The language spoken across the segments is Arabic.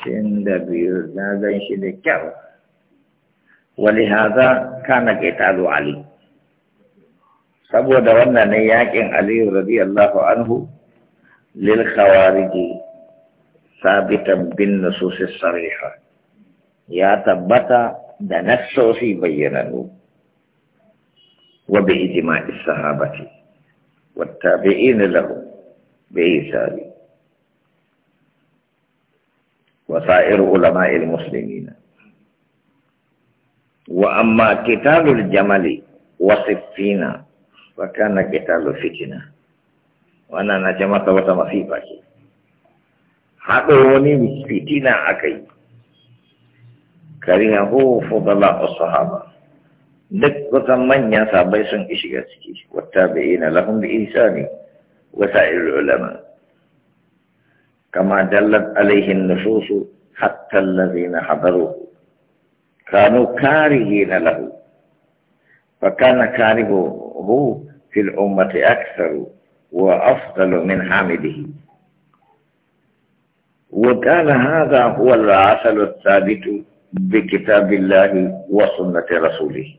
hamsin da biyu na gan shi da kyau ولهذا كان قتال علي saboda wannan ne yakin Ali radiyallahu anhu lil khawariji sabitan bin nusus sariha ya tabbata da nassosi bayyananu wa bi ijma'i sahabati wat tabi'in lahu bi isari wa ulama ulama'il muslimin. Wa amma kitalul jamali wasifina wa kana kitalul fitina. Wannan na ce mata wata masifa ce. Haɗa fitina a kai. Kariya ko fudala a sahaba. Duk kusan manyan sabai sun ishiga ciki. Wata bai yi na lahun da isa ne. Wata irin ulama'il كما دلت عليه النصوص حتى الذين حضروه كانوا كارهين له فكان كارهه في الأمة أكثر وأفضل من حامده وكان هذا هو العسل الثابت بكتاب الله وسنة رسوله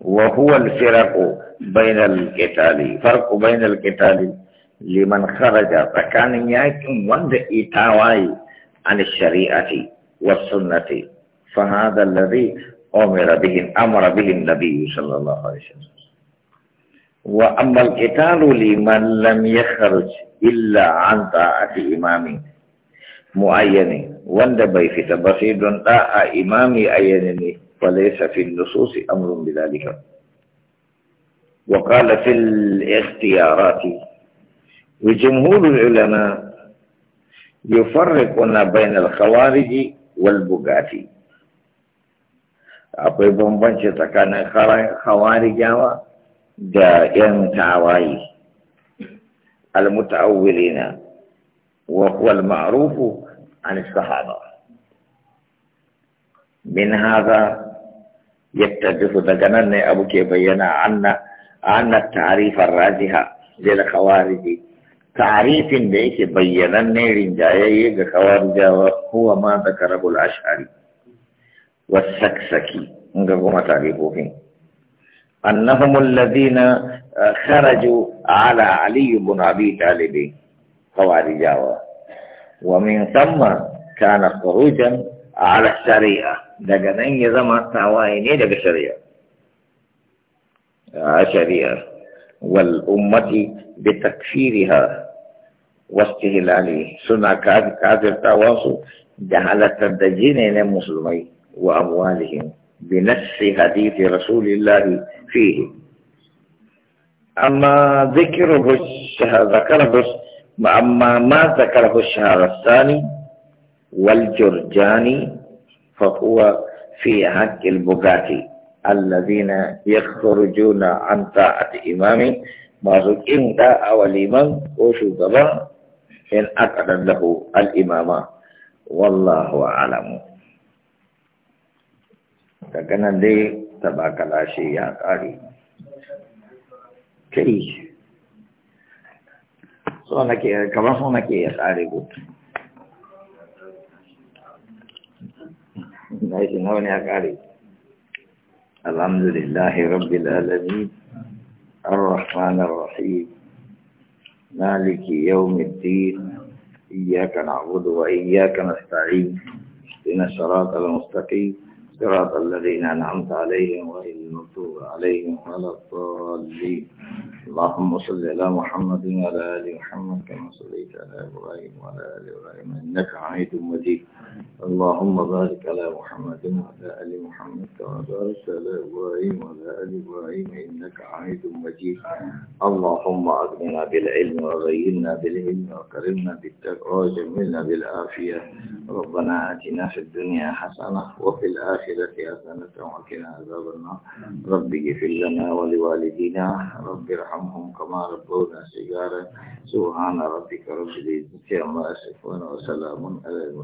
وهو الفرق بين القتال فرق بين القتال liman kharaja tsakanin yakin wanda itawaye an shari'ati was sunnati fa hadha alladhi umira bihi amara bihi nabi sallallahu alaihi wasallam wa amma al-qitalu liman lam yakhruj illa an ta'ati imami muayyani wanda bai fita ba sai don da'a imami ayyani ne falaysa fi an-nususi amrun bidhalika وقال في الاختيارات وجمهور العلماء يفرقون بين الخوارج والبغاتي أقول بمبنش تكان خوارج دا ينتعوي المتعولين وهو المعروف عن الصحابة من هذا يتجف تجنن أبو كيبينا عن عن التعريف الراجح للخوارج تعريف ديك بينا نيرين جايي كوار جاوا هو ما ذكره الأشعري والسكسكي نقوم تعريفهم أنهم الذين خرجوا على علي بن أبي طالب خوارجا ومن ثم كان خروجا على الشريعة دقنين يزمع التعوائنين دق الشريعة آه، شريعة والأمة بتكفيرها واستهلاله سنة كافر تواصل جعلت الدجين المسلمين وأموالهم بنفس حديث رسول الله فيه أما ذكره الشهر ذكره أما ما ذكره الشهر الثاني والجرجاني فهو في حق البغاتي الذين يخرجون عن طاعة إمام masuk inta awal imam ko shugaba in akadan lahu al imama wallahu a'lam daga nanti dai tabakala shi ya kare kai so nake kamar so nake ya kare ku na shi nawa ne ya kare الحمد لله رب العالمين الرحمن الرحيم مالك يوم الدين إياك نعبد وإياك نستعين إن الصراط المستقيم صراط الذين أنعمت عليهم وإن المغضوب عليهم ولا الضالين اللهم صل على محمد وعلى آل محمد كما صليت على إبراهيم وعلى آل إبراهيم إنك حميد مجيد اللهم بارك على محمد وعلى آل محمد كما باركت على إبراهيم وعلى آل إبراهيم إنك حميد مجيد اللهم أغننا بالعلم وغيرنا بالعلم وكرمنا بالتقوى وجملنا بالعافية ربنا آتنا في الدنيا حسنة وفي الآخرة حسنة وقنا عذاب النار رب اغفر لنا ولوالدينا رب ارحمنا yarhamhum kama rabbawna sigara subhana rabbika rabbil izzati amma yasifun wa salamun alal mursalin